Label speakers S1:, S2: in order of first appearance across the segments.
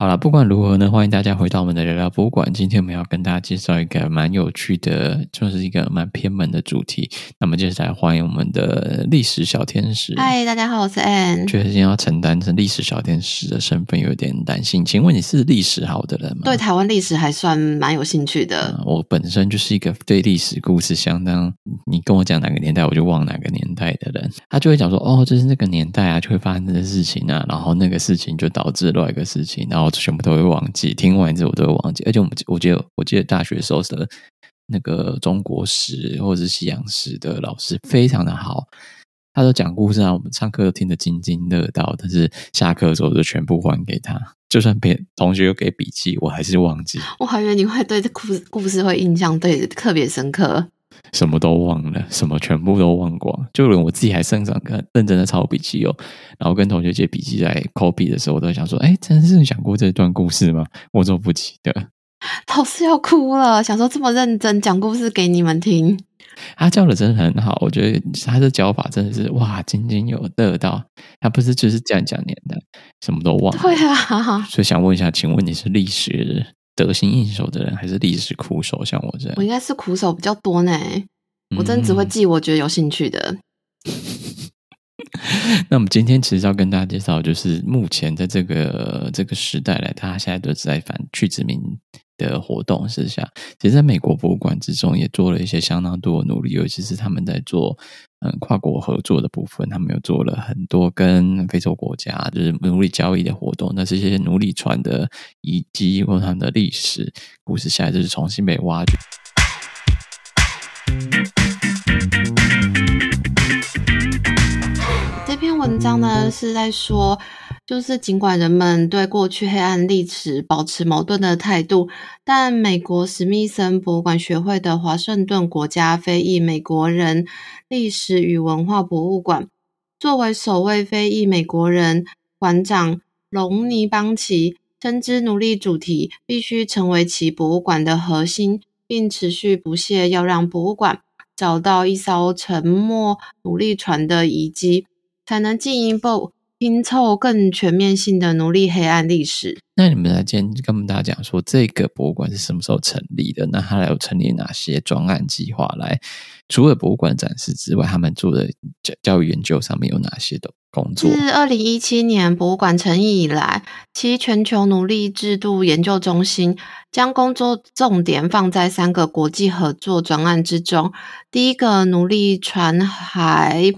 S1: 好了，不管如何呢，歡迎大家回到我們的聊聊博物館。今天我們要跟大家介紹一個蠻有趣的，就是一個蠻偏門的主題。那麼接下來歡迎我們的歷史小天使。嗨，
S2: 大家好，我是 Anne。覺
S1: 得今天要承擔着歷史小天使的身份有點擔心。請問你是歷史好的人嗎？
S2: 對，台灣歷史還算蠻有興趣的。嗯，
S1: 我本身就是一個對歷史故事相當……你跟我講哪個年代，我就忘哪個年代的人。他就會講說：“哦，就是那個年代啊，就會發生這個事情啊，然後那個事情就導致另外一個事情，然後。”我全部都會忘記，聽完之後我都會忘記。而且我們，我記得，我記得大學時候的，那個中國史或者是西洋史的老師非常的好，他都講故事啊，我們上課都聽得津津樂道。但是下課的時候我就全部還給他，就算別同學有給筆記，我還是忘記。
S2: 我還以為你會對這故事故事會印象對特別深刻。
S1: 什麼都忘了，什麼全部都忘光，就連我自己還擅長個很認真的抄筆記哦。然後跟同學借筆記在 copy 的時候，我都想說：哎，真的是講過這段故事嗎？我說不記得。」
S2: 老師要哭了，想說這麼認真講故事給你們聽。
S1: 他教的真的很好，我覺得他的教法真的是哇津津有樂道，他不是就是這樣講念的，什麼都忘了。
S2: 對啊，
S1: 所以想問一下，請問你是歷史？得心應手的人還是歷史苦手，像我這樣，我
S2: 應該是苦手比較多呢？嗯嗯，我真的只會記我覺得有興趣的。
S1: 那我們今天其實要跟大家介紹，就是目前在這個這個時代來，大家現在都在反去殖民的活動之下，其實在美國博物館之中也做了一些相當多的努力，尤其是他們在做。嗯，跨國合作的部分，他們有做了很多跟非洲國家就是奴隸交易的活動。那這些奴隸船的遺跡，或他們的歷史故事，現在就是重新被挖掘。
S2: 這篇文章呢，是在說。就是儘管人們對過去黑暗歷史保持矛盾的態度，但美國史密森博物館學會的華盛頓國家非裔美國人歷史與文化博物館，作為首位非裔美國人館長，隆尼邦奇，深知奴隸主題必須成為其博物館的核心，並持續不懈要讓博物館找到一艘沉沒奴隸船的遺跡，才能進一步。拼湊更全面性的奴隸黑暗歷史。
S1: 那你們來今天跟我們大家講說，這個博物館是什麼時候成立的？那它有成立哪些專案計劃？來，除了博物館展示之外，他們做的教教育研究上面有哪些的工作？自
S2: 二零一七年博物館成立以來，其全球奴隸制度研究中心將工作重點放在三個國際合作專案之中。第一個，奴隸船骸。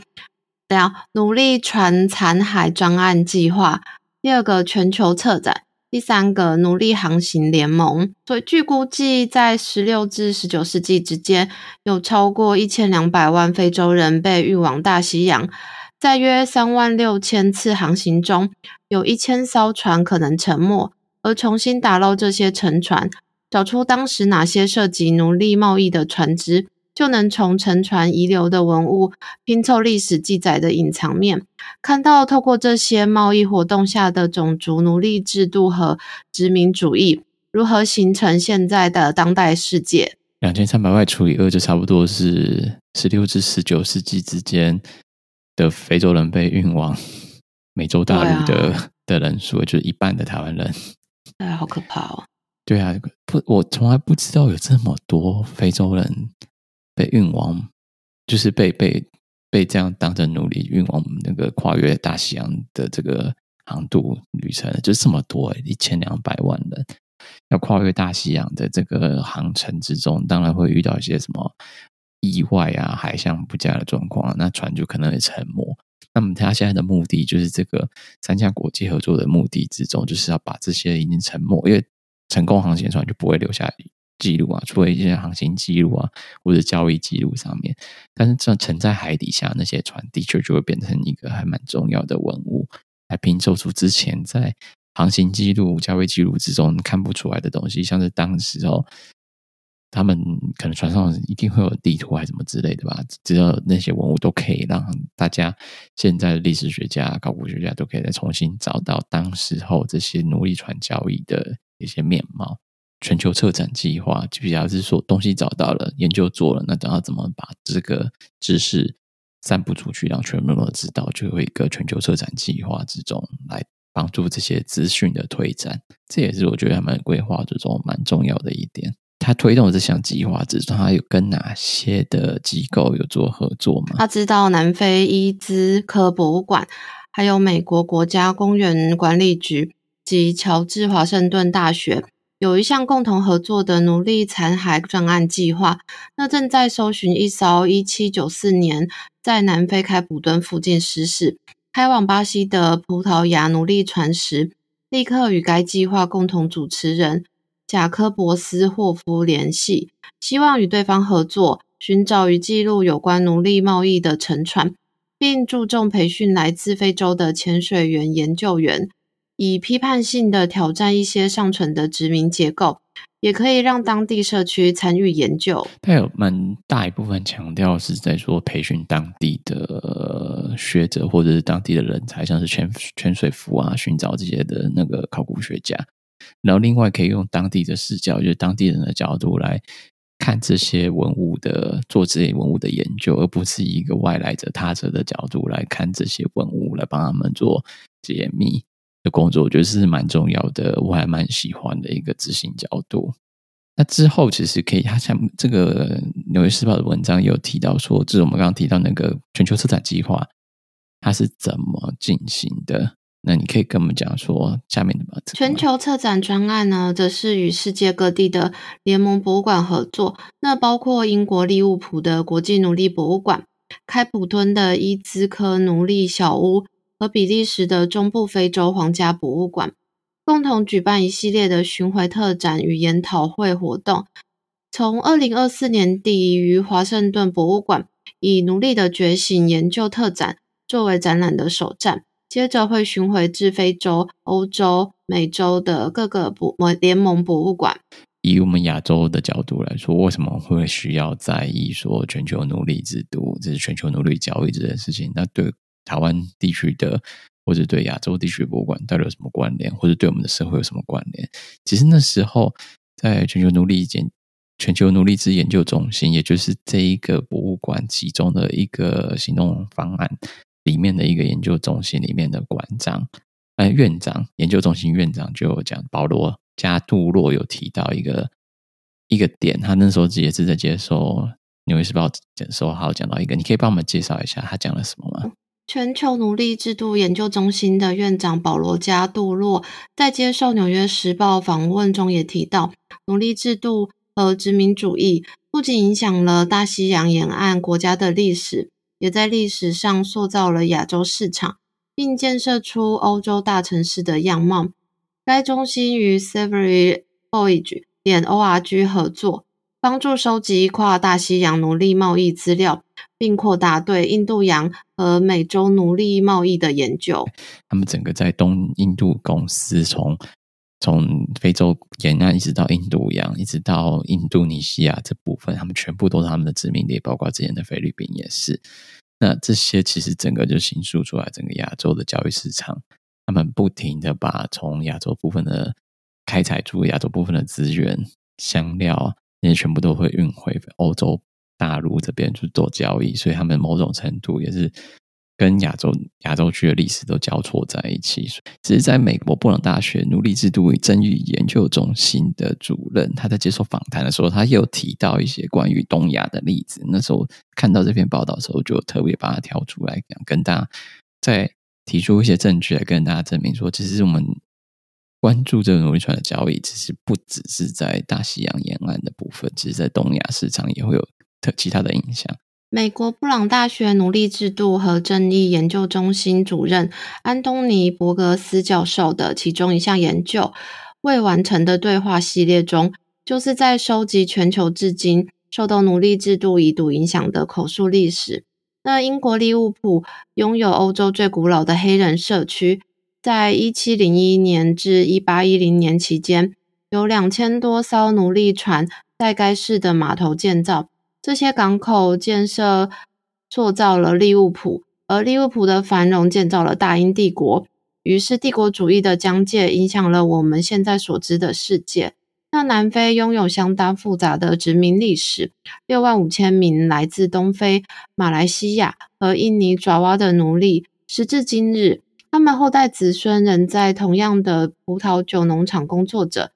S2: 奴隸船殘骸專案計劃，第二個全球策展，第三個奴隸航行聯盟。所以據估計，在十六至十九世紀之間，有超過一千兩百萬非洲人被運往大西洋。在約三萬六千次航行中，有一千艘船可能沉沒，而重新打撈這些沉船，找出當時哪些涉及奴隸貿易的船隻。就能從沉船遺留的文物拼湊歷史記載的隱藏面，看到透過這些貿易活動下的種族奴隸制度和殖民主義，如何形成現在的當代世界。
S1: 兩千三百萬除以二，就差不多是十六至十九世紀之間的非洲人被運往美洲大陸的、啊、的人數，所以就是一半的台灣人。
S2: 對，好可怕哦！
S1: 對啊，不，我從來不知道有這麼多非洲人。被運往，就是被被被這樣當成奴隸運往我們那個跨越大西洋的這個航渡旅程，就這麼多、欸，一千兩百萬人要跨越大西洋的這個航程之中，當然會遇到一些什麼意外啊、海象不佳的狀況，那船就可能會沉沒。那麼他現在的目的，就是這個參加國際合作的目的之中，就是要把這些已經沉沒，因為成功航行船就不會留下記錄啊，除了一些航行記錄啊，或者交易記錄上面，但是這樣沉在海底下那些船，的確就會變成一個還蠻重要的文物，來拼湊出之前在航行記錄、交易記錄之中看不出來的東西。像是當時候，他們可能船上一定會有地圖還是什麼之類的吧，只要那些文物都可以讓大家現在的歷史學家、考古學家都可以再重新找到當時候這些奴隸船交易的一些面貌。全球策展計劃，就比較是說東西找到了，研究做了，那等下怎麼把這個知識散布出去，讓全部人知道，就會一個全球策展計劃之中來幫助這些資訊的推展。這也是我覺得他們規劃之中蠻重要的一點。他推動這項計劃之中，他有跟哪些的機構有做合作嗎？
S2: 他知道南非伊茲科博物館，還有美國國家公園管理局及喬治華盛頓大學。有一項共同合作的奴隸殘骸專案計劃，那正在搜尋一艘1794年在南非開普敦附近失事、開往巴西的葡萄牙奴隸船時，立刻與該計劃共同主持人賈科博斯霍夫聯繫，希望與對方合作，尋找與記錄有關奴隸貿易的沉船，並注重培訓來自非洲的潛水員、研究員。以批判性的挑戰一些尚存的殖民結構，也可以讓當地社區參與研究。
S1: 它有蠻大一部分強調是在說培訓當地的學者或者是當地的人才，像是潛水夫啊，尋找這些的那個考古學家。然後另外可以用當地的視角，就是當地人的角度來看這些文物的，做這些文物的研究，而不是以一個外來者、他者的角度來看這些文物，來幫他們做解密。的工作，我覺得是蠻重要的，我還蠻喜歡的一個執行角度。那之後其實可以，他想這個《紐約時報》的文章有提到說，就是我們剛剛提到那個全球策展計劃，它是怎麼進行的？那你可以跟我們講說下面的吧。
S2: 全球策展專案呢，則是與世界各地的聯盟博物館合作，那包括英國利物浦的國際奴隸博物館、開普敦的伊茲科奴隸小屋。和比利時的中部非洲皇家博物館共同舉辦一系列的巡回特展與研討會活動。從二零二四年底於華盛頓博物館以奴隸的覺醒研究特展作為展覽的首站，接着會巡回至非洲、歐洲、美洲的各個博聯盟博物館。
S1: 以我們亞洲的角度來說，為什麼會需要在意說全球奴隸制度，這是全球奴隸交易這件事情？那對。台灣地區的，或者對亞洲地區博物館到底有什麼關聯，或者對我們的社會有什麼關聯？其實那時候，在全球奴隸研全球奴隸制研究中心，也就是這一個博物館其中的一個行動方案裡面的一個研究中心裡面的館長，哎、呃，院長，研究中心院長就講，保羅加杜洛有提到一個一個點，他那時候也是在接受《紐約時報》講說，還有講到一個，你可以幫我們介紹一下他講了什麼嗎？
S2: 全球奴隸制度研究中心的院長保羅·加杜洛在接受《紐約時報》訪問中也提到，奴隸制度和殖民主義不僅影響了大西洋沿岸國家的歷史，也在歷史上塑造了亞洲市場，並建設出歐洲大城市的樣貌。該中心與 Savory Voyage 點 ORG 合作，幫助收集跨大西洋奴隸貿易資料，並擴大對印度洋。和美洲奴隸貿易的研究，
S1: 他們整個在東印度公司，從從非洲沿岸一直到印度洋，一直到印度尼西亞這部分，他們全部都是他們的殖民地，包括之前的菲律賓也是。那這些其實整個就形塑出來，整個亞洲的交易市場，他們不停的把從亞洲部分的開採出亞洲部分的資源、香料，也全部都會運回歐洲。大陸這邊去做交易，所以他們某種程度也是跟亞洲亞洲區的歷史都交錯在一起。只是在美國布朗大學奴隸制度與爭議研究中心的主任，他在接受訪談的時候，他也有提到一些關於東亞的例子。那時候看到這篇報道的時候，就特別把它挑出來，想跟大家再提出一些證據來跟大家證明說，其實我們關注這個奴隸船的交易，其實不只是在大西洋沿岸的部分，其實在東亞市場也會有。的其他的影響。
S2: 美國布朗大學奴隸制度和正義研究中心主任安東尼·伯格斯教授的其中一項研究《未完成的對話》系列中，就是在收集全球至今受到奴隸制度遺毒影響的口述歷史。那英國利物浦擁有歐洲最古老的黑人社區，在一七零一年至一八一零年期間，有兩千多艘奴隸船在該市的碼頭建造。這些港口建設塑造了利物浦，而利物浦的繁榮建造了大英帝國。於是，帝國主義的疆界影響了我們現在所知的世界。那南非擁有相當複雜的殖民歷史，六萬五千名來自東非、馬來西亞和印尼爪哇的奴隸，時至今日，他們後代子孫仍在同樣的葡萄酒農場工作著，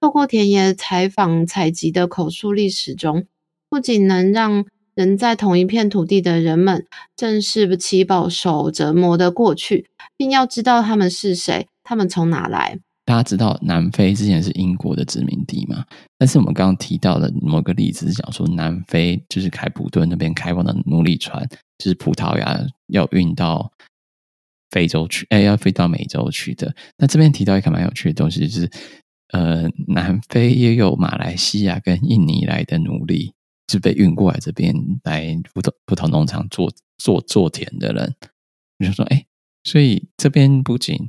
S2: 透過田野採訪採集的口述歷史中。不僅能讓人在同一片土地的人們正視其飽受折磨的過去，並要知道他們是誰，他們從哪來。
S1: 大家知道南非之前是英國的殖民地嘛？但是我們剛剛提到的某個例子是講說，南非就是開普敦那邊開放的奴隸船，就是葡萄牙要運到非洲去，哎，要飛到美洲去的。那這邊提到一個蠻有趣的東西，就是呃，南非也有馬來西亞跟印尼來的奴隸。是被運過來這邊來不同不同農場做做做田的人，我就說，哎、欸，所以這邊不僅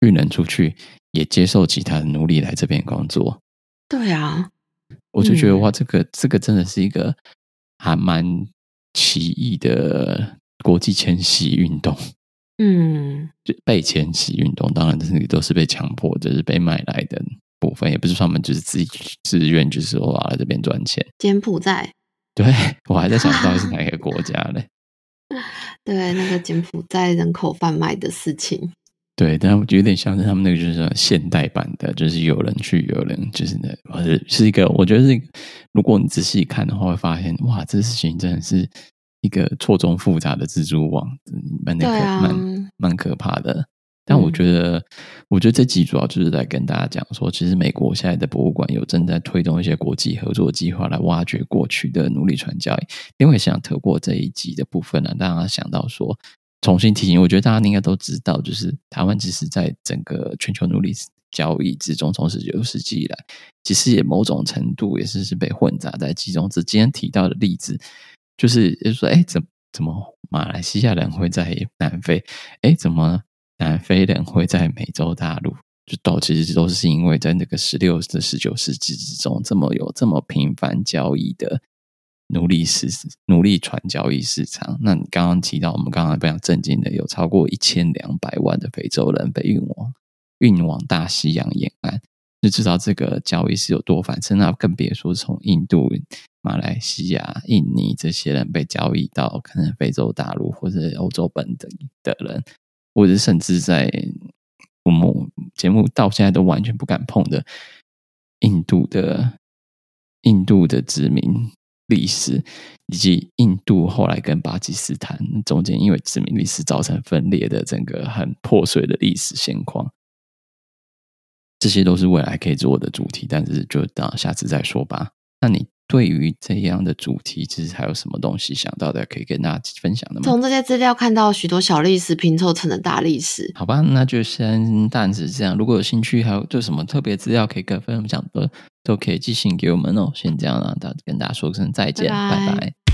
S1: 運人出去，也接受其他的奴隸來這邊工作。
S2: 對啊，
S1: 我就覺得哇，嗯、這個這個真的是一個還蠻奇異的國際遷徙運動。
S2: 嗯，
S1: 就被遷徙運動當然這裡都是被強迫。這、就是被買來的。部分也不是專門，就是自己自願，就是說來這邊賺錢。
S2: 柬埔寨，
S1: 對我還在想到底是哪一個國家嘞？
S2: 對，那個柬埔寨人口販賣的事情。
S1: 對，但我覺得有點像是他們那個，就是現代版的，就是有人去，有人就是那，或者是一個。我覺得是，如果你仔細看的話，會發現哇，這事情真的是一個錯綜複雜的蜘蛛網，蠻蠻蠻可怕的。但我覺得，嗯、我覺得這集主要就是在跟大家講說，其實美國現在的博物館有正在推動一些國際合作計劃來挖掘過去的奴隸船交易。因為想透過這一集的部分呢、啊，讓大家想到說，重新提醒，我覺得大家應該都知道，就是台灣其實，在整個全球奴隸交易之中，從十九世紀以來，其實也某種程度也是是被混雜在其中。之前提到的例子，就是說，哎，怎怎麼馬來西亞人會在南非？哎，怎麼？南非人會在美洲大陸，就到，其實都是因為，在那個十六至十九世紀之中，這麼有這麼頻繁交易的奴隸市、奴隸船交易市場。那你剛剛提到，我們剛剛非常震驚的，有超過一千兩百萬的非洲人被運往運往大西洋沿岸，就知道這個交易是有多繁盛，那更別說是從印度、馬來西亞、印尼這些人被交易到可能非洲大陸或者歐洲本的的人。或者甚至在我們節目到現在都完全不敢碰的印度的印度的殖民歷史，以及印度後來跟巴基斯坦中間因為殖民歷史造成分裂的整個很破碎的歷史現況。這些都是未來可以做的主題，但是就到下次再說吧。那你？對於這樣的主題，其實就是還有什麼東西想到的可以跟大家分享的嗎？從
S2: 這些資料看到許多小歷史
S1: 拼湊成的大歷史。好吧，那就先暫時這樣。如果有興趣，還有就什麼特別資料可以跟分享的，都可以寄信給我們哦。先這樣、啊，那跟大家說聲再見，bye bye 拜拜。